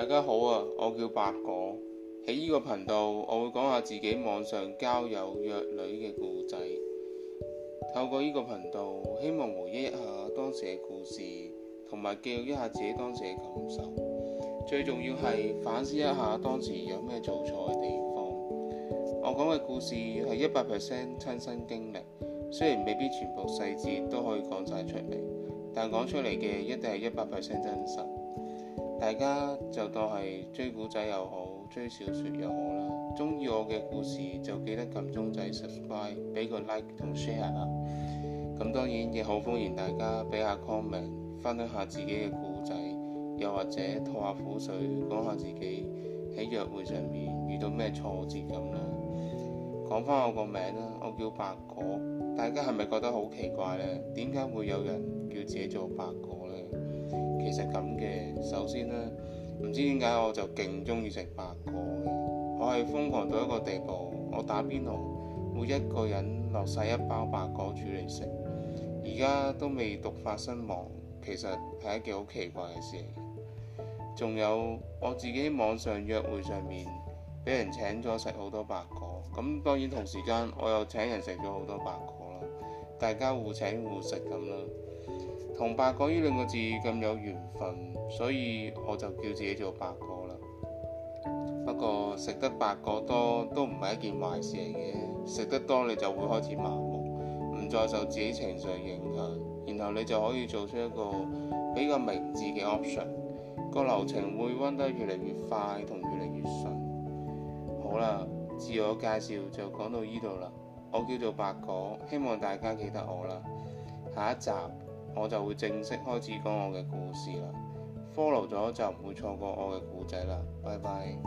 大家好啊！我叫白果，喺呢個頻道我會講下自己網上交友約女嘅故仔。透過呢個頻道，希望回憶一下當時嘅故事，同埋記錄一下自己當時嘅感受。最重要係反思一下當時有咩做錯嘅地方。我講嘅故事係一百 percent 親身經歷，雖然未必全部細節都可以講晒出嚟，但講出嚟嘅一定係一百 percent 真實。大家就當係追古仔又好，追小説又好啦。中意我嘅故事就記得撳鐘仔 subscribe，俾個 like 同 share 啦。咁當然亦好，歡迎大家俾下 comment，分享下自己嘅故仔，又或者吐下苦水，講下自己喺約會上面遇到咩挫折咁啦。講翻我個名啦，我叫白果。大家係咪覺得好奇怪呢？點解會有人叫自己做白果？其實咁嘅，首先呢，唔知點解我就勁中意食白果嘅，我係瘋狂到一個地步，我打邊爐，會一個人落晒一包白果煮嚟食，而家都未毒發身亡，其實係一件好奇怪嘅事。仲有我自己網上約會上面，俾人請咗食好多白果，咁當然同時間我又請人食咗好多白果啦，大家互請互食咁咯。同白果呢兩個字咁有緣分，所以我就叫自己做白果啦。不過食得白果多都唔係一件壞事嚟嘅，食得多你就會開始麻木，唔再受自己情緒影響，然後你就可以做出一個比較明智嘅 option。這個流程會温得越嚟越快同越嚟越順。好啦，自我介紹就講到依度啦。我叫做白果，希望大家記得我啦。下一集。我就會正式開始講我嘅故事啦。Follow 咗就唔會錯過我嘅故仔啦。拜拜。